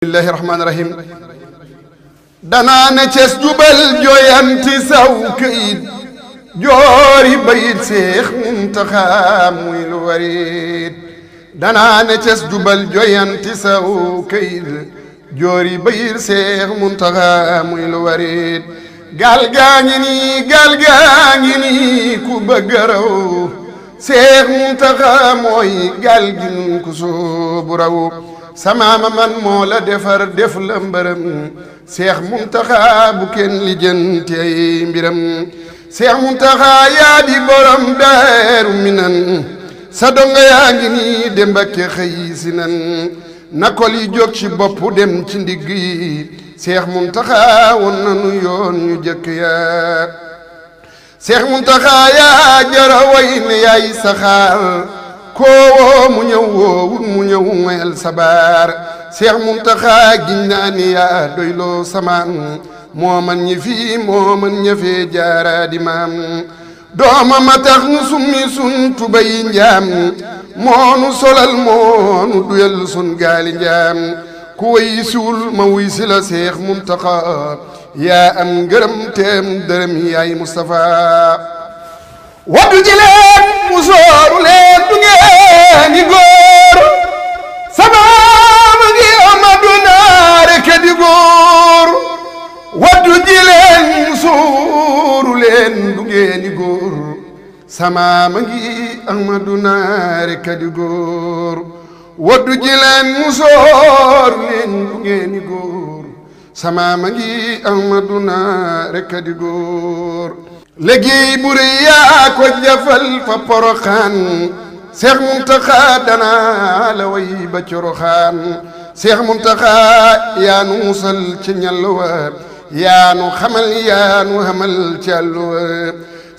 bismillahi rahmaani rahim danaa ne cees jubal jooyanti saw saw këyit joori bayit seex muntaxa muy lu gaal gaa gaal gaa ku bëgg seex muntaxa mooy gaal gi ku soobu samaama man moo la defar def la mbërëm seex muntaxa bu kenn lijjanti mbiram seex muntaxa yaa di borom daaru minan sa donga yaa ngi nii dem bakke xëy si nan yi jóg ci bopp dem ci ndigg yi seex muntaxa won nanu yoon ñu jëkk yaa seex muntaxa yaa jara way ne yaay saxaal koowoo mu ñëw woowut mu ñëw moyal seex muntaxaa giñ naa ni yaa samaan moo man ñi fii moo man ñëfee jaaraa di maam dooma ma tax summi sun tubay njaam moo nu solal moo nu duyal sun gaali njaam ku ma wuy seex muntaxaa yaa am ngërëm teem dërëm yaay Mustapha waddu ji leen mu sooru leen sama ma ngi ahmadu naare kadi góor waddu musoor leen bu ngeeni góor sama ma ngi naare kadi góor liggéey bu rëy yaa ko jafal fa poroxaan seex danaa la way ba coroxaan seex muntaxa yaanu musal ci ñàlluwa yaanu xamal yaanu xamal ci àlluwa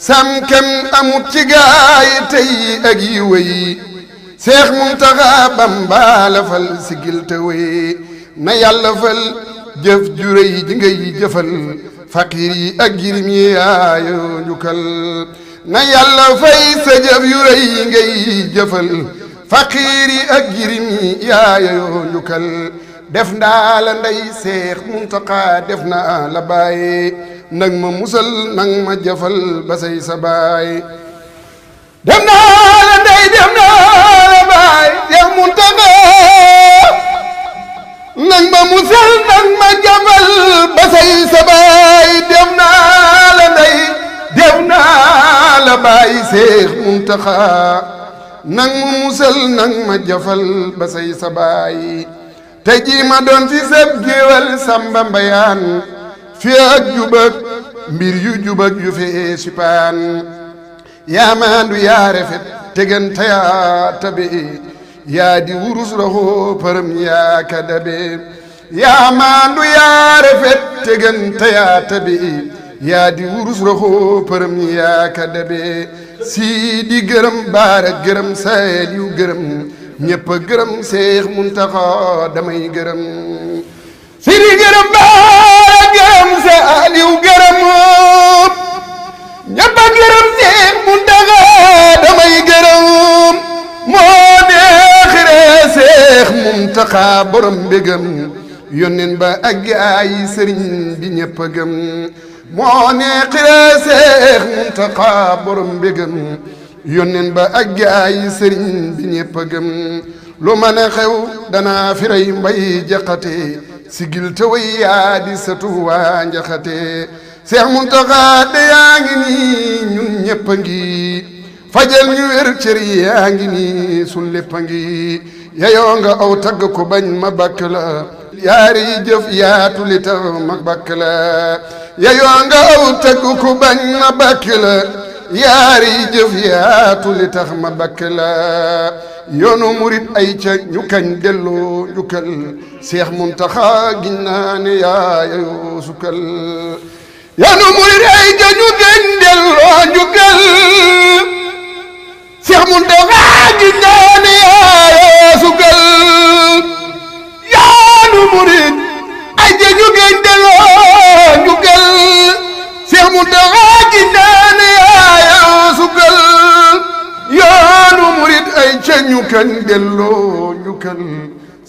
sam kem amut ci gaay tey ak yi seex muntaxa bamba la fal sigil te wéy na yàlla fal jëf jure ji ngay jëfal faqir ak jirim yi yaayoo njukkal na yàlla fay sa jëf jure yi ngay jëfal faqir yi ak jirim yi yaayoo njukkal def naa la ndey seex muntaxa def naa la bàyyi nag ma musal nag ma jafal ba say sa baay la ndey Seex Muntaxa nag ma musal nag ma jafal ba say sa baay naa la ndey dem Seex Muntaxa nag ma musal nag ma jafal ba say sa ma doon fi sëb géwal Samba Mbayaan fi ak jubak mbir yu jubak yu fi sipaan yaa maandu yaa rafet tegante yaa tabe yaa di wurus raxoo përëm yaa kadabe yaa maandu yaa rafet tegante yaa tabe yaa di wurus raxoo përëm yaa kadabe sii di gërëm baara gërëm saaliw gërëm ñëpp gërëm seex muntaxa damay gërëm sii di gërëm saaliw gërëm ñëpp a gërëm seen muntaga damay gërëm moo neexiree seex muntaxa borom mbégam yónneen ba ak gaay gëm moo neexiree ba ak gaay sëriñ bi ñëpp gëm lu mën xew danaa fi mbay jaxate sigil te way yaa di satu waa njaxate seex muntaxa de yaa ngi nii ñun ñëpp ngi fajal ñu wér cër yaa ngi nii sun lépp a ngi yayoo nga aw tagg ko bañ ma bakk la yaari jëf yaatu li tax ma bakk la yayoo nga aw tagg ko bañ ma bakk yaari jëf yaatu li tax ma bakk la yoonu murit ay ca ñu kañ delloo njukkal seex muntaxa ginnaa ne yaayayoo sukkal yoonu murit ay ca ñu kañ delloo njukkal seex muntaxa ñu kan delloo ñu kan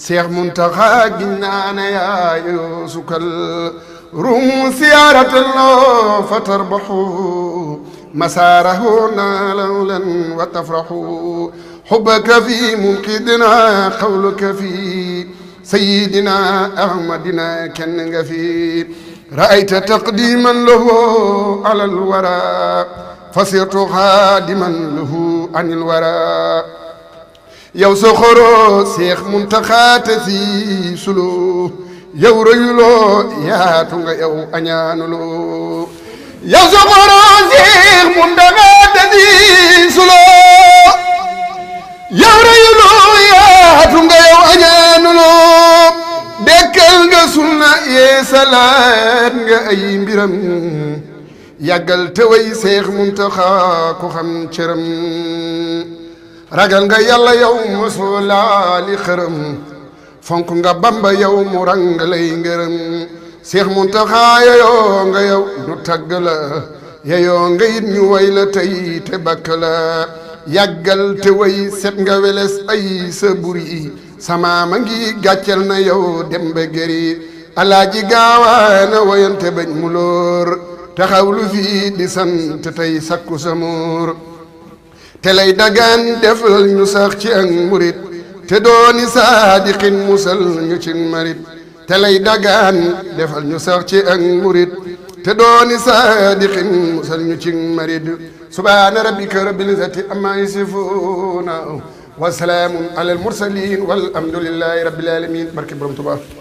seex muntaxa ginnaana yaayo sukal rum siyaarataloo fa tarbaxu masaarahu naalawlan wa tafraxu xubbaka fi munqidina xawluka fi sayidina ahmadina kenn nga fi raayta taqdiman lahu ala alwara fasirtu xaadiman lahu an alwara yow sa xoro seex muntaxaate si suloo yow rëyuloo yaatu nga yow añaanuloo yow sa nga yow añaanuloo dekkal nga sunna yee salaat nga seex muntaxa ko xam cëram ragal nga yàlla yow mosoo laali xërëm fonk nga bamba yow mu rang lay ngërëm seex muntaxa yeyoo nga yow ñu tagg la yeyoo nga it ñu way la tey te bakk la yàggal te way set nga weles ay sa bur sama ma ngi gàccel na yow dem ba gëri alaaji gaawaana woyante bañ mu lóor taxaw lu fii di sant tey sakku sa muur te lay dagaan defal ñu sax ci ak murit te dooni saadiqin musal ñu ci marit te lay dagaan defal ñu sax ci ak murit te dooni saadiqin musal ñu ci marit subhaana rabbika rabbil izzati amma yasifuuna wa salaamun alal mursaliin wal hamdulillaahi rabbil aalamiin barke borom Tuubaa